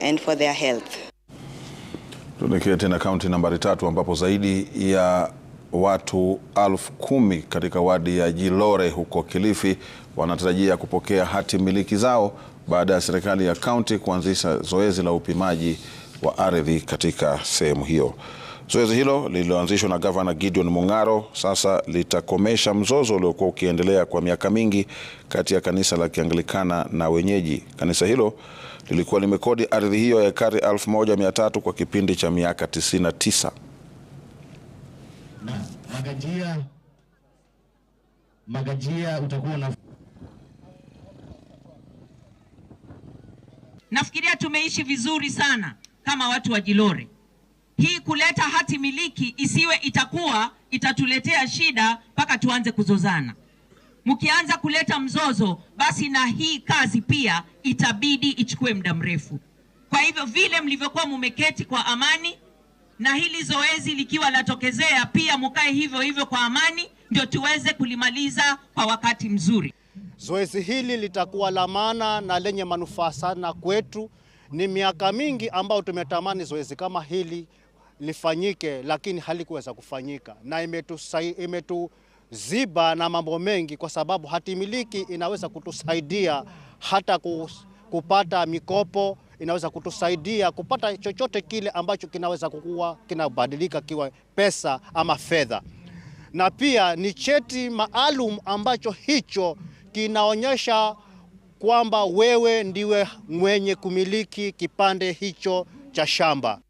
and for their health. Tuelekee tena kaunti nambari tatu ambapo zaidi ya watu elfu kumi katika wadi ya Jilore huko Kilifi wanatarajia kupokea hati miliki zao baada ya serikali ya kaunti kuanzisha zoezi la upimaji wa ardhi katika sehemu hiyo. Zoezi hilo lililoanzishwa na gavana Gideon Mung'aro sasa litakomesha mzozo uliokuwa ukiendelea kwa miaka mingi kati ya kanisa la Kianglikana na wenyeji. Kanisa hilo lilikuwa limekodi ardhi hiyo ya ekari 1300 kwa kipindi cha miaka 99. Magajia, magajia utakuwa na... Nafikiria tumeishi vizuri sana kama watu wa Jilore hii kuleta hati miliki isiwe itakuwa itatuletea shida mpaka tuanze kuzozana. Mkianza kuleta mzozo, basi na hii kazi pia itabidi ichukue muda mrefu. Kwa hivyo vile mlivyokuwa mumeketi kwa amani na hili zoezi likiwa latokezea, pia mukae hivyo hivyo kwa amani, ndio tuweze kulimaliza kwa wakati mzuri. Zoezi hili litakuwa la maana na lenye manufaa sana kwetu. Ni miaka mingi ambayo tumetamani zoezi kama hili lifanyike, lakini halikuweza kufanyika na imetuziba imetu na mambo mengi, kwa sababu hatimiliki inaweza kutusaidia hata kupata mikopo, inaweza kutusaidia kupata chochote kile ambacho kinaweza kukua kinabadilika kiwa pesa ama fedha, na pia ni cheti maalum ambacho hicho kinaonyesha kwamba wewe ndiwe mwenye kumiliki kipande hicho cha shamba.